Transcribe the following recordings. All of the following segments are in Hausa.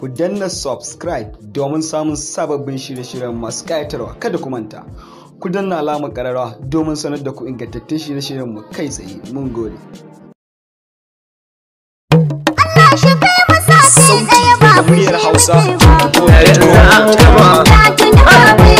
ku danna subscribe domin samun sababbin shirye-shiryen masu ƙayatarwa kada ku manta ku danna alama ƙararrawa domin sanar da ku ingantattun shirye-shiryen mu kai tsaye mun gode Allah shi kai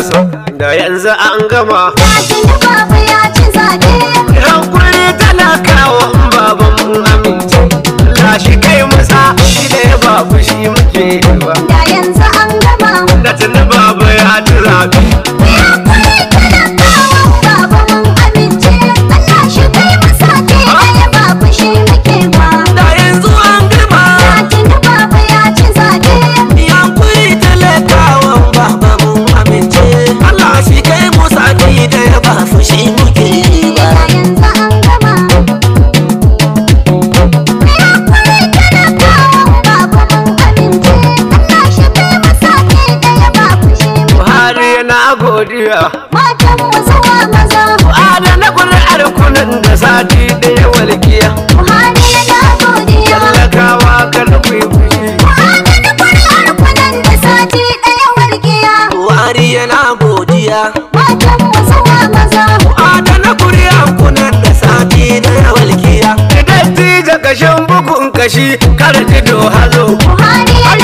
siyasa da yanzu an gama hankuri talakawa baban mun amince lashi kai masa shi da ya babu shi muke ba da yanzu an gama da tuni ya ci rabi na godiya matan mu zuwa maza ku adana kuri'ar kunan da sati ɗaya walƙiya ku hali na godiya talakawa kan ku yi fushi ku adana kuri'ar kunan da sati da walƙiya ku hari yana godiya matan mu zuwa maza ku adana kuri'ar kunan da sati ɗaya walƙiya idan ti ga kashin bukun kashi kada ti do hazo ku hari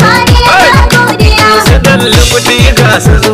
Mariya na godiya. Su gasa su.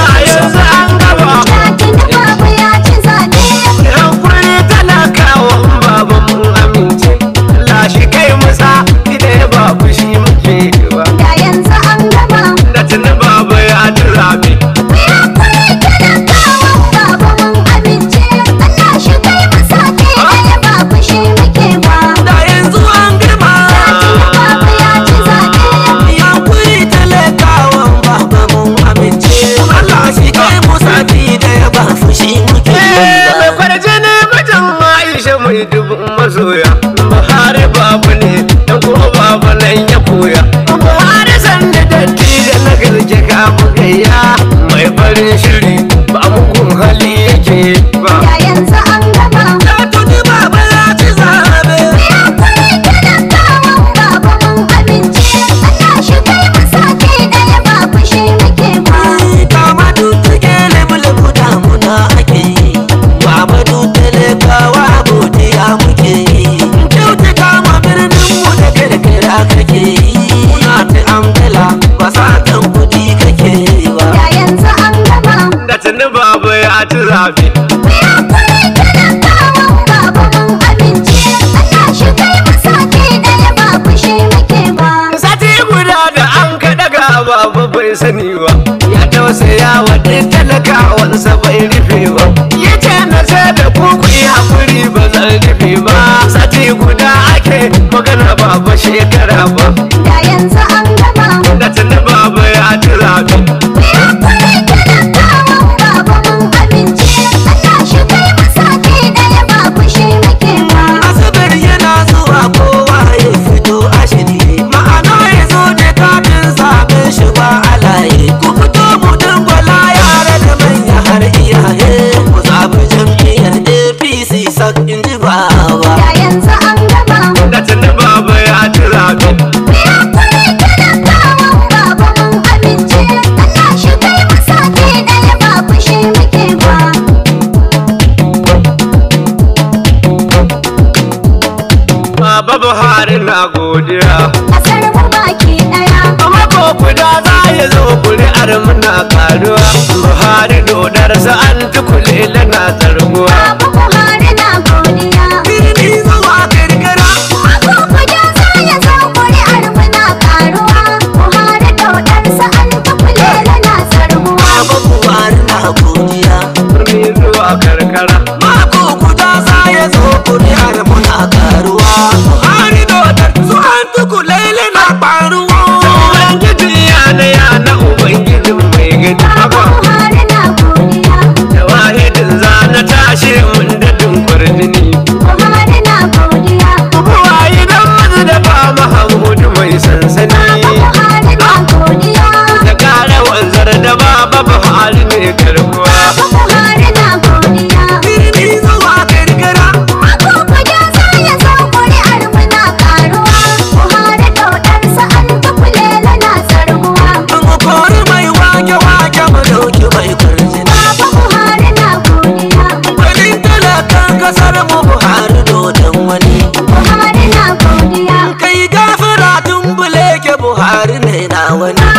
Iya mai farin shiri ba mugun hali yake ba ta ci zabe. Sati guda da an kaɗa gaba ba bai sani ba, ya tausaya wa ɗin talakawansa bai rufe ba. Ya ce na ce da kuku ya kuri ba zan rufe ba, sati guda ake magana ba ba shekara ba. na godiya kasar mu baki daya amma ko kuda za ya zo kuri'ar muna karuwa buhari dodar sa an tukule na zarguwa buhari na godiya about a now and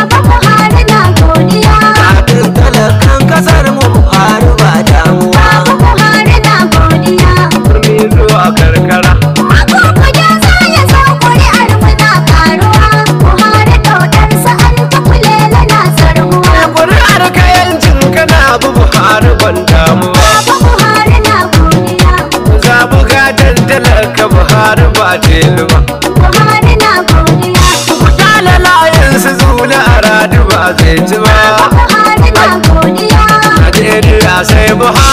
bai ya sai buhari.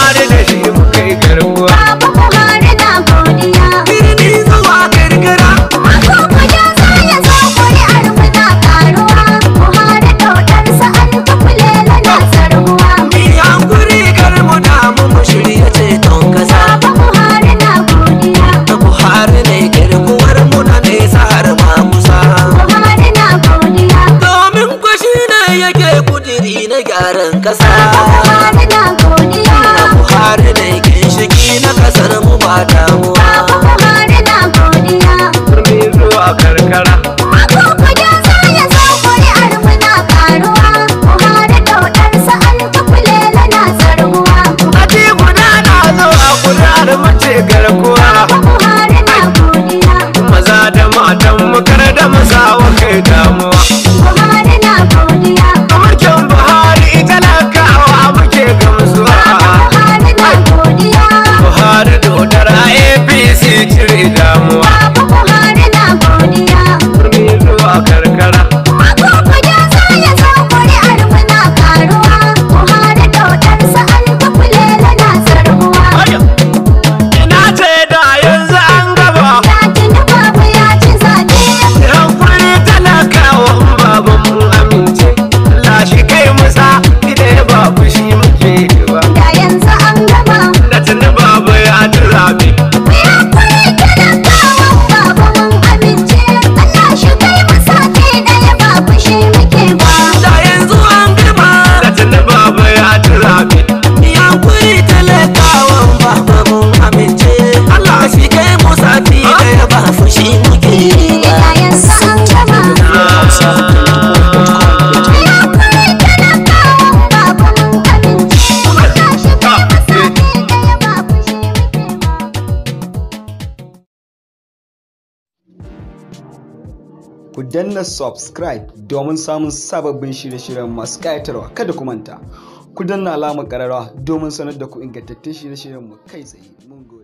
kishin kasa Buhari na godiya Buhari ne ginshiki na kasar mu ba damuwa Buhari na godiya Kudi zuwa karkara garkuwa Buhari na godiya Maza da matan makar da mazawa danna subscribe domin samun sababbin shirye-shiryen masu ƙayatarwa kada ku manta ku danna alamar ƙararrawa domin sanar da ku ingantattun shirye-shiryen mu kai tsaye mun